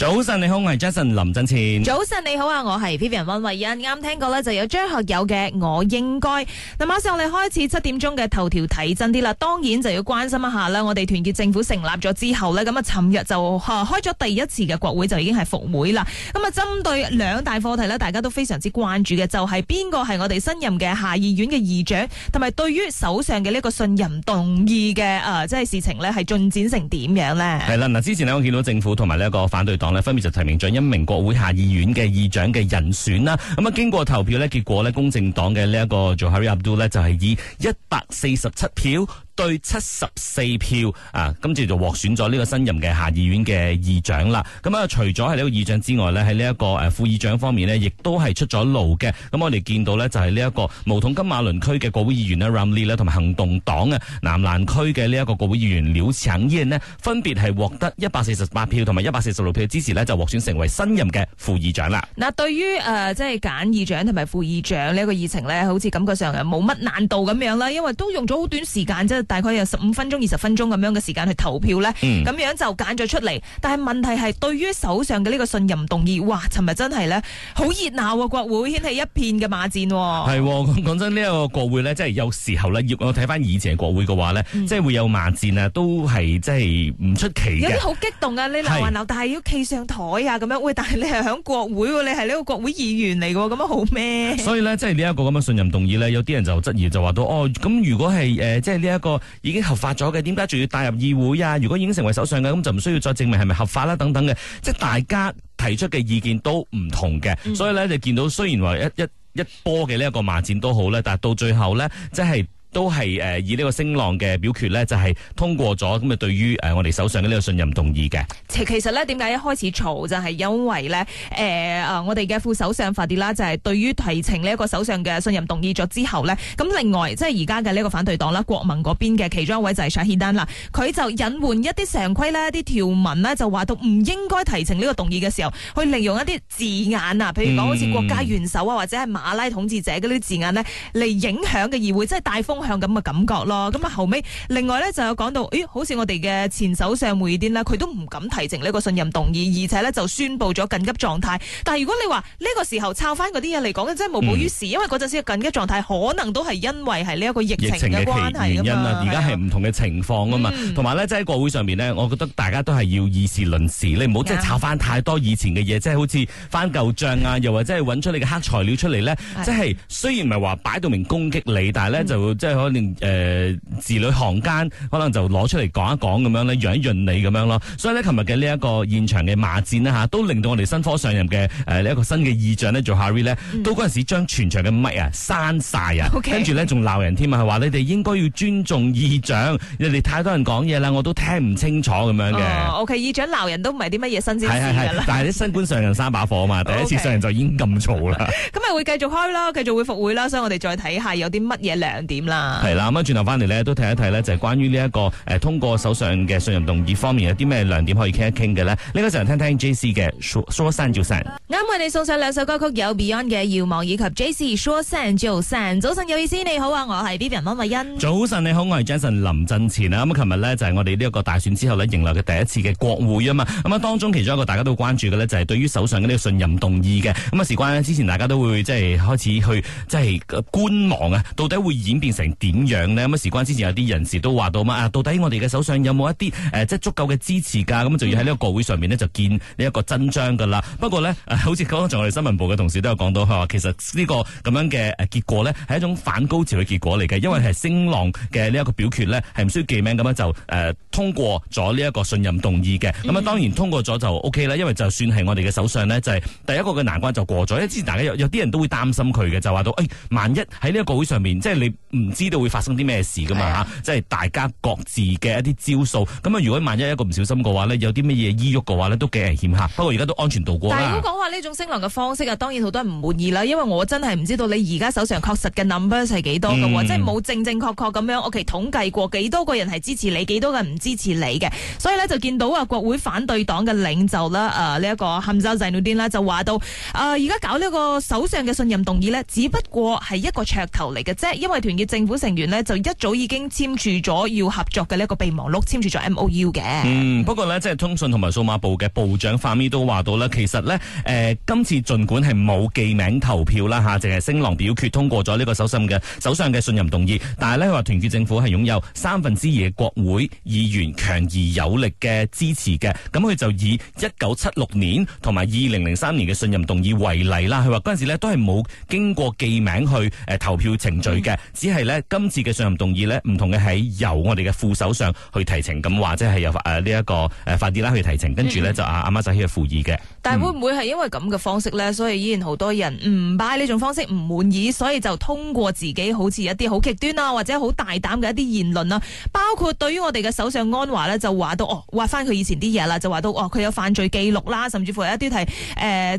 早晨，你好，我係 Jason 林振前。早晨，你好啊，我係 Vivian 温慧欣。啱聽過咧，就有張學友嘅《我應該》。嗱，馬上我哋開始七點鐘嘅頭條睇真啲啦。當然就要關心一下啦。我哋團結政府成立咗之後咧，咁啊，尋日就吓開咗第一次嘅國會就已經係復會啦。咁啊，針對兩大課題咧，大家都非常之關注嘅就係邊個係我哋新任嘅下議院嘅議長，同埋對於首相嘅呢個信任動議嘅誒即係事情咧係進展成點樣咧？係啦，嗱，之前咧我見到政府同埋呢一個反對黨。分別就提名咗一名國會下議院嘅議長嘅人選啦。咁啊，經過投票咧，結果咧，公正黨嘅呢一個做 Johari Abdul 咧，就係以一百四十七票，對七十四票啊，今次就獲選咗呢個新任嘅下議院嘅議長啦。咁啊，除咗喺呢個議長之外咧，喺呢一個誒、啊、副議長方面呢，亦都係出咗爐嘅。咁、啊、我哋見到呢，就係呢一個巫統金馬倫區嘅國會議員呢 Ramli 咧，同埋行動黨啊南蘭區嘅呢一個國會議員劉強燕咧，分別係獲得一百四十八票同埋一百四十六票支持呢，呃、就獲、是、選成為新任嘅副議長啦。嗱，對於誒即係揀議長同埋副議長呢一個議程呢，好似感覺上又冇乜難度咁樣啦，因為都用咗好短時間啫。大概有十五分鐘、二十分鐘咁樣嘅時間去投票咧，咁、嗯、樣就揀咗出嚟。但係問題係對於手上嘅呢個信任動議哇！尋日真係咧好熱鬧喎，國會掀起一片嘅罵戰、哦。係講、哦、真，呢、這、一個國會咧，即、就、係、是、有時候咧，如果我睇翻以前嘅國會嘅話咧，即係、嗯、會有罵戰啊，都係即係唔出奇有啲好激動啊！你鬧還鬧，但係要企上台啊，咁樣喂，但係你係喺國會，你係呢個國會議員嚟喎，咁樣好咩？所以呢，即係呢一個咁嘅信任動議呢，有啲人就質疑就、哦呃，就話到哦，咁如果係即係呢一個。已經合法咗嘅，點解仲要帶入議會啊？如果已經成為首相嘅，咁就唔需要再證明係咪合法啦，等等嘅。即係大家提出嘅意見都唔同嘅，嗯、所以咧就見到雖然話一一一波嘅呢一個罵戰都好咧，但係到最後咧，即係。都係誒以呢個聲浪嘅表決咧，就係通過咗咁啊！對於誒我哋首相嘅呢個信任動議嘅，其實咧點解一開始嘈就係、是、因為咧誒啊我哋嘅副首相法蒂啦，就係、是、對於提呈呢一個首相嘅信任動議咗之後咧，咁另外即係而家嘅呢個反對黨啦，國民嗰邊嘅其中一位就係上希丹啦，佢就引換一啲常規咧、啲條文呢，就話到唔應該提呈呢個動議嘅時候，去利用一啲字眼啊，譬如講好似國家元首啊或者係馬拉統治者嗰啲字眼呢嚟、嗯、影響嘅議會，即係大風。向咁嘅感覺咯，咁啊後尾，另外咧就有講到，咦好似我哋嘅前首相梅爾丁咧，佢都唔敢提呈呢個信任動議，而且呢就宣佈咗緊急狀態。但係如果你話呢、呢個時候抄翻嗰啲嘢嚟講，真係無補於事，嗯、因為嗰陣時緊急狀態可能都係因為係呢一個疫情嘅關係咁樣啊。而家係唔同嘅情況啊嘛，同埋、嗯、呢，即係國會上面呢，我覺得大家都係要以事論事，你唔好即係抄翻太多以前嘅嘢，對即係好似翻舊帳啊， 又或者係揾出你嘅黑材料出嚟呢，的即係雖然唔係話擺到明攻擊你，嗯、但係呢就即係。嗯可能誒字裏行間，可能就攞出嚟講一講咁樣咧，潤一潤你咁樣咯。所以咧，琴日嘅呢一個現場嘅罵戰呢，嚇，都令到我哋新科上任嘅誒呢一個新嘅議長咧，做 Harry 咧，都嗰陣時將全場嘅麥啊刪晒啊，跟住咧仲鬧人添啊，係話你哋應該要尊重議長，人哋太多人講嘢啦，我都聽唔清楚咁樣嘅。O、oh, K，okay. 議長鬧人都唔係啲乜嘢新鮮事。是是是，但係啲新官上任三把火嘛，第一次上任就已經咁嘈啦。咁咪 Okay. 會繼續開啦，繼續會復會啦。所以我哋再睇下有啲乜嘢亮點啦。係啦，咁啊，轉頭翻嚟咧，都睇一睇咧，就係關於呢一個誒，通過手上嘅信任動議方面有啲咩亮點可以傾一傾嘅咧？呢個就係聽聽 J C 嘅說散就散。啱，為你送上兩首歌曲，有 Beyond 嘅《遙望》以及 J C 說散就散。早晨有意思，你好啊，我係 B B N 溫慧欣。早晨你好，我係 Jason 林振前啊。咁、嗯、啊，琴日呢就係、是、我哋呢一個大選之後呢，迎來嘅第一次嘅國會啊嘛。咁、嗯、啊，當中其中一個大家都關注嘅呢，就係對於手上嘅呢個信任動議嘅。咁、嗯、啊，事關呢，之前大家都會即係開始去即係觀望啊，到底會演變成。點樣呢？咁啊，事關之前有啲人士都話到咁啊，到底我哋嘅首相有冇一啲誒、呃，即係足夠嘅支持噶、啊？咁就要喺呢個國會上面呢，就見呢一個真章噶啦。不過呢，啊、好似剛才我哋新聞部嘅同事都有講到，佢話其實呢、這個咁樣嘅誒結果呢，係一種反高潮嘅結果嚟嘅，因為係聲浪嘅呢一個表決呢，係唔需要記名咁樣就誒、呃、通過咗呢一個信任動議嘅。咁啊，當然通過咗就 OK 啦，因為就算係我哋嘅首相呢，就係、是、第一個嘅難關就過咗。因為之前大家有啲人都會擔心佢嘅，就話到誒、哎，萬一喺呢一個會上面，即係你唔。知道會發生啲咩事噶嘛？嚇、啊啊，即係大家各自嘅一啲招數。咁啊，如果萬一一個唔小心嘅話呢，有啲乜嘢依喐嘅話呢，都幾危險嚇。不過而家都安全度過。但係如果講話呢種升籠嘅方式啊，當然好多人唔滿意啦。因為我真係唔知道你而家手上確實嘅 number 係幾多嘅喎，嗯、即係冇正正確確咁樣，我其實統計過幾多個人係支持你，幾多個唔支持你嘅。所以呢，就見到啊，國會反對黨嘅領袖啦，誒呢一個欽州濟努丁啦，就話到誒而家搞呢個首相嘅信任動議呢，只不過係一個噱頭嚟嘅啫，因為團結政。成員呢，就一早已經簽署咗要合作嘅呢個備忘錄，簽署咗 M O U 嘅。嗯，不過呢，即係通訊同埋數碼部嘅部長范咪都話到啦，其實呢，誒、呃、今次盡管係冇記名投票啦，吓、啊，淨係聲浪表決通過咗呢個首信嘅首相嘅信任動議，但係呢，佢話團結政府係擁有三分之二嘅國會議員強而有力嘅支持嘅，咁佢就以一九七六年同埋二零零三年嘅信任動議為例啦。佢話陣時呢都係冇經過記名去誒、啊、投票程序嘅，嗯、只係呢。今次嘅信任動議呢，唔同嘅係由我哋嘅副手上去提呈，咁或者係由誒呢一個誒、啊、法迪拉去提呈，跟住呢，就阿阿媽仔去附議嘅。但係會唔會係因為咁嘅方式呢？所以依然好多人唔 buy 呢種方式，唔滿意，所以就通過自己好似一啲好極端啊，或者好大膽嘅一啲言論啦、啊，包括對於我哋嘅首相安華呢，就話到哦，挖翻佢以前啲嘢啦，就話到哦，佢有犯罪記錄啦，甚至乎有一啲係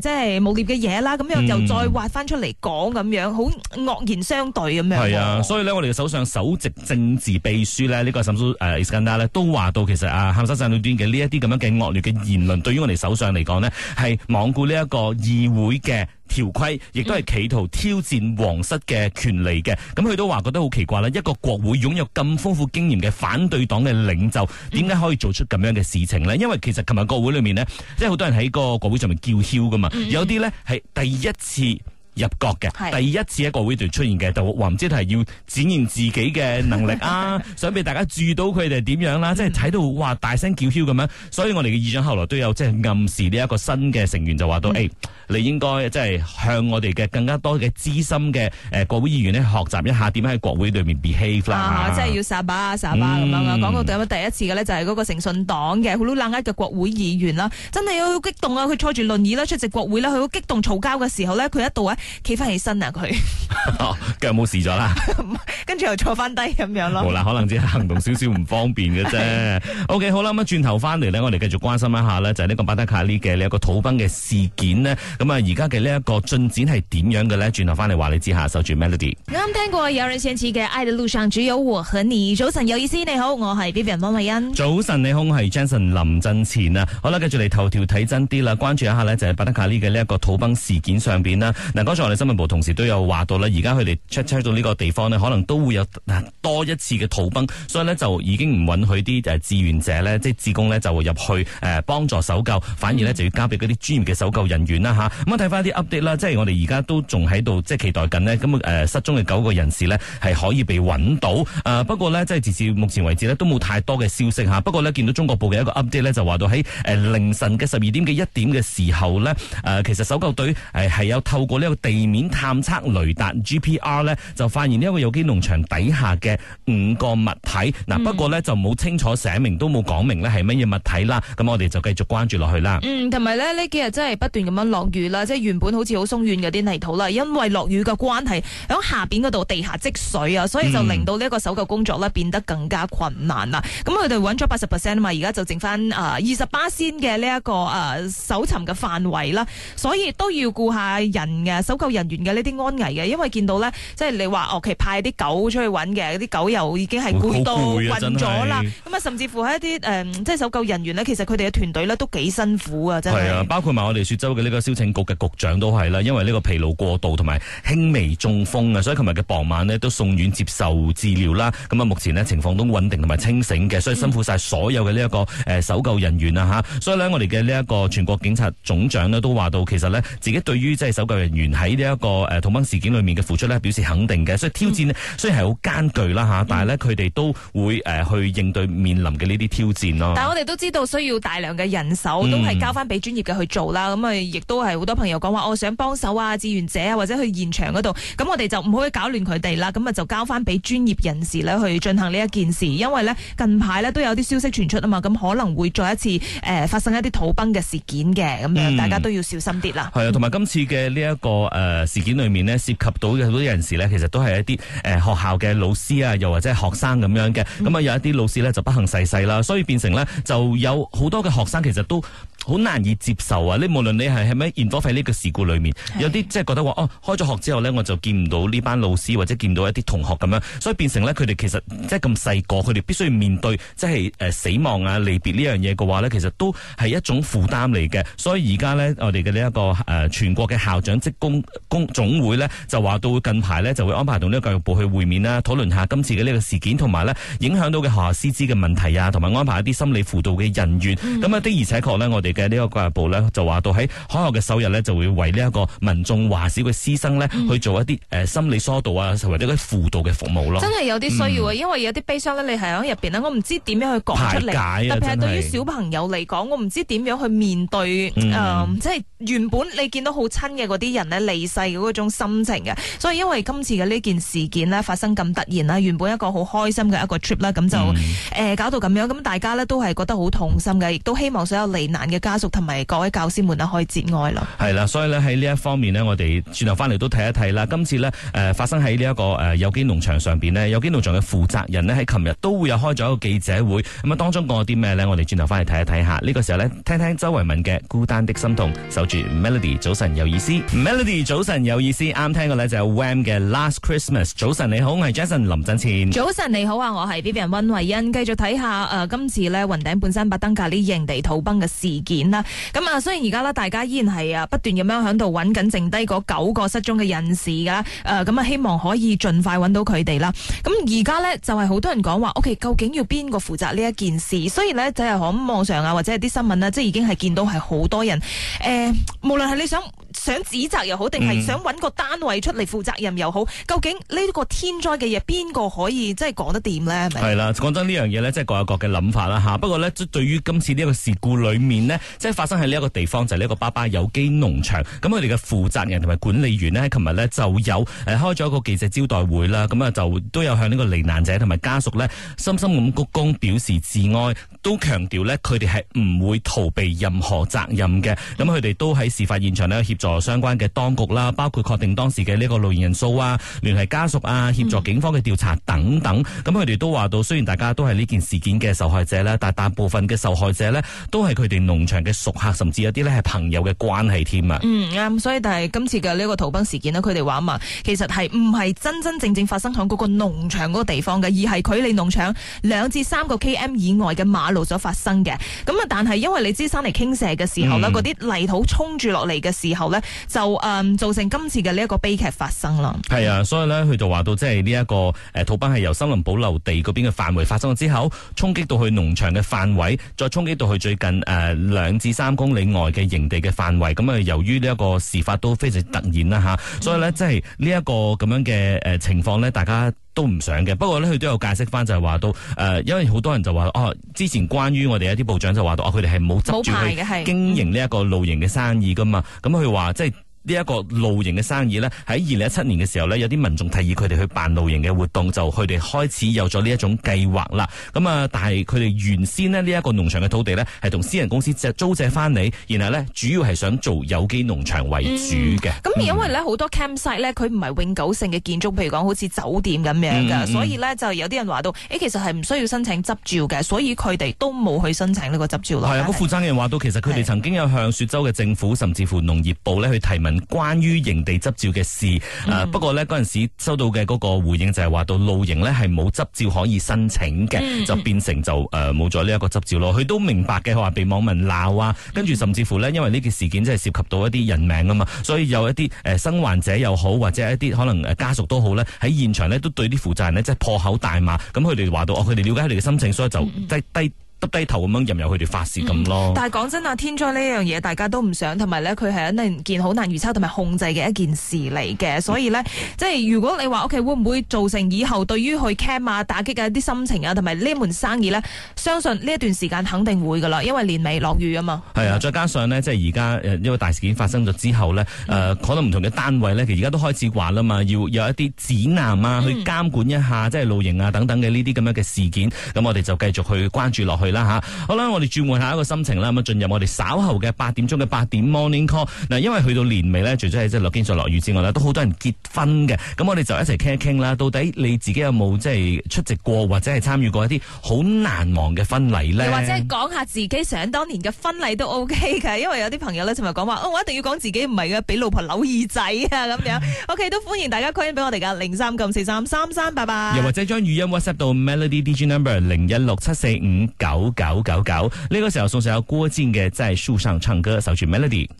誒即係冇劣嘅嘢啦，咁、呃、樣又再挖翻出嚟講咁樣，好惡言相對咁樣。係啊，所以我哋嘅首相首席政治秘書咧，呢、這個沈蘇誒伊斯干達都話到其實啊，坎斯坦諾嘅呢一啲咁樣嘅惡劣嘅言論，對於我哋首相嚟講呢係罔顧呢一個議會嘅條規，亦都係企圖挑戰皇室嘅權利嘅。咁、嗯、佢都話覺得好奇怪啦，一個國會擁有咁豐富經驗嘅反對黨嘅領袖，點解可以做出咁樣嘅事情呢？因為其實琴日國會裏面呢，即係好多人喺個國會上面叫囂噶嘛，有啲呢係第一次。入國嘅，是第一次喺國會度出現嘅，就話唔知係要展現自己嘅能力啊， 想俾大家注到佢哋點樣啦、啊，嗯、即係睇到哇大聲叫囂咁樣，所以我哋嘅議長後來都有即係暗示呢一個新嘅成員就話到，誒、嗯哎，你應該即係向我哋嘅更加多嘅資深嘅誒、呃、國會議員呢學習一下點喺國會裏面 behave、啊、啦、啊、即係要撒巴撒巴咁、嗯、樣。講到咁樣第一次嘅呢就係嗰個誠信黨嘅好冷嘅國會議員啦，真係好激動啊！佢坐住輪椅啦，出席國會啦，佢好激動嘈交嘅時候呢，佢一度企翻起身啊，佢腳冇事咗啦， 跟住又坐翻低咁樣咯。好啦，可能只係行動少少唔方便嘅啫。 對 OK，好啦，咁啊轉頭翻嚟咧，我哋繼續關心一下咧，就係、是、呢個巴德卡利嘅呢一個土崩嘅事件呢。咁、嗯、啊，而家嘅呢一個進展係點樣嘅咧？轉頭翻嚟話你知下，守住 Melody。啱、嗯、聽過有人想起嘅愛嘅路上只有我和你。早晨有意思，你好，我係 B B n 溫慧恩。早晨你好，我係 Jason 林振前啊。好啦，繼續嚟頭條睇真啲啦，關注一下呢，就係巴德卡利嘅呢一個土崩事件上邊啦。咁在我哋新聞部同時都有話到呢，而家佢哋 check check 到呢個地方呢，可能都會有多一次嘅土崩，所以呢，就已經唔允許啲誒志願者呢，即、就、係、是、志工咧就入去誒幫助搜救，反而呢就要交俾嗰啲專業嘅搜救人員啦吓，咁啊睇翻啲 update 啦，即係我哋而家都仲喺度即係期待緊呢。咁、呃、誒失蹤嘅九個人士呢，係可以被揾到。誒、呃、不過呢，即係直至目前為止呢，都冇太多嘅消息嚇。不過呢，見到中國報嘅一個 update 呢，就話到喺誒凌晨嘅十二點幾一點嘅時候呢，誒、呃、其實搜救隊誒係、呃、有透過呢、這個。地面探測雷達 GPR 咧，就發現呢一個有機農場底下嘅五個物體。嗱，不過呢，就冇清楚寫明，都冇講明呢係乜嘢物體啦。咁我哋就繼續關注落去啦。嗯，同埋呢幾日真係不斷咁樣落雨啦，即係原本好似好鬆軟嘅啲泥土啦，因為落雨嘅關係，喺下邊嗰度地下積水啊，所以就令到呢一個搜救工作呢變得更加困難啦。咁佢哋揾咗八十 percent 啊嘛，而家就剩翻、這個、啊二十八先嘅呢一個啊搜尋嘅範圍啦，所以都要顧下人嘅。搜救人員嘅呢啲安危嘅，因為見到呢，即係你話哦，其實派啲狗出去揾嘅，啲狗又已經係攰到暈咗啦。咁啊，了的甚至乎係一啲誒、嗯，即係搜救人員呢，其實佢哋嘅團隊呢都幾辛苦啊，真係。啊，包括埋我哋雪州嘅呢個消拯局嘅局長都係啦，因為呢個疲勞過度同埋輕微中風啊，所以琴日嘅傍晚呢，都送院接受治療啦。咁啊，目前呢情況都穩定同埋清醒嘅，所以辛苦晒所有嘅呢一個誒搜救人員啊吓。嗯、所以呢，我哋嘅呢一個全國警察總長呢都話到，其實呢，自己對於即係搜救人員。喺呢一個誒土崩事件裏面嘅付出咧，表示肯定嘅，所以挑戰咧雖然係好艱巨啦、嗯、但係咧佢哋都會誒去應對面臨嘅呢啲挑戰咯。但係我哋都知道需要大量嘅人手，都係交翻俾專業嘅去做啦。咁啊、嗯，亦都係好多朋友講話，我想幫手啊，志願者啊，或者去現場嗰度。咁我哋就唔可以搞亂佢哋啦。咁啊，就交翻俾專業人士咧去進行呢一件事，因為呢近排呢都有啲消息傳出啊嘛，咁可能會再一次誒發生一啲土崩嘅事件嘅。咁樣大家都要小心啲啦。係啊、嗯，同埋、嗯、今次嘅呢一個。誒、呃、事件裏面呢涉及到嘅好多人士呢，其實都係一啲誒、呃、學校嘅老師啊，又或者係學生咁樣嘅，咁啊、嗯、有一啲老師呢就不幸逝世啦，所以變成呢就有好多嘅學生其實都。好難以接受啊！你無論你係係咩燃火費呢個事故裏面，是有啲即係覺得話哦，開咗學之後咧，我就見唔到呢班老師或者見到一啲同學咁樣，所以變成咧佢哋其實即係咁細個佢哋必須要面對即係誒死亡啊、離別呢樣嘢嘅話咧，其實都係一種負擔嚟嘅。所以而家咧，我哋嘅呢一個誒、呃、全國嘅校長職工工總會咧，就話到近排咧就會安排同呢個教育部去會面啦，討論下今次嘅呢個事件同埋咧影響到嘅學校師資嘅問題啊，同埋安排一啲心理輔導嘅人員咁啊、嗯、的而且確咧，我哋。嘅呢一個教育部咧，就話到喺開學嘅首日咧，就會為呢一個民眾、華小嘅師生咧，嗯、去做一啲誒、呃、心理疏導啊，或者一啲輔導嘅服務咯。真係有啲需要啊，嗯、因為有啲悲傷咧，你係喺入邊咧，我唔知點樣去講出嚟。解啊、特別係對於小朋友嚟講，我唔知點樣去面對即係、嗯呃就是、原本你見到好親嘅嗰啲人呢，離世嗰種心情嘅。所以因為今次嘅呢件事件呢，發生咁突然啦，原本一個好開心嘅一個 trip 啦，咁就誒、嗯呃、搞到咁樣，咁大家咧都係覺得好痛心嘅，亦都希望所有罹難嘅。家屬同埋各位教師們啊，可以節哀咯。係啦，所以呢，喺呢一方面呢，我哋轉頭翻嚟都睇一睇啦。今次呢，誒發生喺呢一個誒有機農場上邊咧，有機農場嘅負責人呢，喺琴日都會有開咗一個記者會，咁啊，當中講咗啲咩呢？我哋轉頭翻嚟睇一睇下。呢、呢個時候呢，聽聽周慧敏嘅《孤單的心痛》，守住 Melody，早晨有意思。Melody，早晨有意思。啱聽嘅呢，就係 Wham 嘅《Last Christmas》，早晨你好，我係 Jason 林振前。早晨你好啊，我係 B B 人温慧欣。繼續睇下誒，今次呢雲頂半山百燈架呢營地土崩嘅事件。啦，咁啊，雖然而家呢，大家依然係啊，不斷咁樣喺度揾緊剩低嗰九個失蹤嘅人士噶，誒、啊，咁啊，希望可以盡快揾到佢哋啦。咁而家呢，就係、是、好多人講話，OK，究竟要邊個負責呢一件事？所以呢，就係、是、響網上啊，或者係啲新聞呢、啊，即係已經係見到係好多人，誒、呃，無論係你想。想指責又好，定係想揾個單位出嚟負責任又好，嗯、究竟呢個天災嘅嘢邊個可以真係講得掂咧？係啦，講真呢樣嘢咧，即係各有各嘅諗法啦吓，不過咧，對於今次呢個事故裏面咧，即係發生喺呢一個地方就係、是、呢個巴巴有機農場，咁佢哋嘅負責人同埋管理員咧，琴日咧就有誒開咗一個記者招待會啦。咁啊，就都有向呢個罹難者同埋家屬咧，深深咁鞠躬表示致哀，都強調咧佢哋係唔會逃避任何責任嘅。咁佢哋都喺事發現場咧協助。相關嘅當局啦，包括確定當時嘅呢個露營人數啊，聯繫家屬啊，協助警方嘅調查等等。咁佢哋都話到，雖然大家都係呢件事件嘅受害者啦，但大部分嘅受害者呢，都係佢哋農場嘅熟客，甚至有啲呢係朋友嘅關係添啊。嗯啱，所以但係今次嘅呢個逃兵事件呢，佢哋話啊嘛，其實係唔係真真正正發生響嗰個農場嗰個地方嘅，而係佢離農場兩至三個 km 以外嘅馬路所發生嘅。咁啊，但係因為你知山泥傾瀉嘅時候呢，嗰啲、嗯、泥土沖住落嚟嘅時候呢。就誒、嗯、造成今次嘅呢一個悲劇發生啦。係啊，所以咧佢就話到即係呢一個誒土崩係由森林保留地嗰邊嘅範圍發生咗之後，衝擊到去農場嘅範圍，再衝擊到去最近誒兩至三公里外嘅營地嘅範圍。咁啊，由於呢一個事發都非常突然啦吓、嗯啊，所以咧即係呢一個咁樣嘅誒情況咧，大家。都唔想嘅，不過咧佢都有解釋翻，就係話到誒，因為好多人就話哦、啊，之前關於我哋一啲部長就話到，哦、啊，佢哋係冇執住去經營呢一個露營嘅生意噶嘛，咁佢話即係。呢一個露營嘅生意呢，喺二零一七年嘅時候呢，有啲民眾提議佢哋去辦露營嘅活動，就佢哋開始有咗呢一種計劃啦。咁啊，但係佢哋原先呢，呢一個農場嘅土地呢，係同私人公司借租借翻嚟，然後呢，主要係想做有機農場為主嘅。咁、嗯嗯、因為呢，好多 campsite 呢，佢唔係永久性嘅建築，譬如講好似酒店咁樣噶，嗯、所以呢，就有啲人話到，誒其實係唔需要申請執照嘅，所以佢哋都冇去申請呢個執照咯。係啊的，個負責人話到，其實佢哋的曾經有向雪州嘅政府甚至乎農業部呢，去提問。關於營地執照嘅事，誒、嗯呃，不過呢，嗰陣時收到嘅嗰個回應就係話到露營呢係冇執照可以申請嘅，就變成就誒冇咗呢一個執照咯。佢都明白嘅，佢話被網民鬧啊，跟住甚至乎呢，因為呢件事件真係涉及到一啲人命啊嘛，所以有一啲誒、呃、生還者又好，或者一啲可能誒家屬都好呢，喺現場呢都對啲負責人呢即係破口大罵。咁佢哋話到，哦，我佢哋了解你嘅心情，所以就低低，嗯耷低頭咁樣任由佢哋發洩咁咯。但係講真啊，天災呢樣嘢大家都唔想，同埋咧佢係一定件好難預測同埋控制嘅一件事嚟嘅。所以咧，嗯、即係如果你話屋企會唔會造成以後對於去 cam 啊打擊嘅一啲心情啊，同埋呢門生意咧，相信呢一段時間肯定會噶啦，因為年尾落雨啊嘛。係、嗯、啊，再加上咧，即係而家因為大事件發生咗之後咧，誒、呃，可能唔同嘅單位咧，其實而家都開始話啦嘛，要有一啲指南啊，去監管一下，嗯、即係露營啊等等嘅呢啲咁樣嘅事件。咁我哋就繼續去關注落去。啦吓，好啦、嗯，我哋轉換下一個心情啦，咁啊進入我哋稍後嘅八點鐘嘅八點 morning call。嗱，因為去到年尾咧，除咗係即係落經常落雨之外都好多人結婚嘅，咁、嗯、我哋就一齊傾一傾啦。到底你自己有冇即係出席過或者係參與過一啲好難忘嘅婚禮咧？又或者講下自己想當年嘅婚禮都 OK 嘅，因為有啲朋友咧，尋日講話，我一定要講自己唔係嘅，俾老婆扭耳仔啊咁樣。 OK，都歡迎大家 call in 俾我哋噶，零三四三三三，拜拜。又或者將語音 WhatsApp 到 Melody DJ number 零一六七四五九。搞搞搞！呢個時候送上郭靖嘅《在樹上唱歌》，掃住 melody。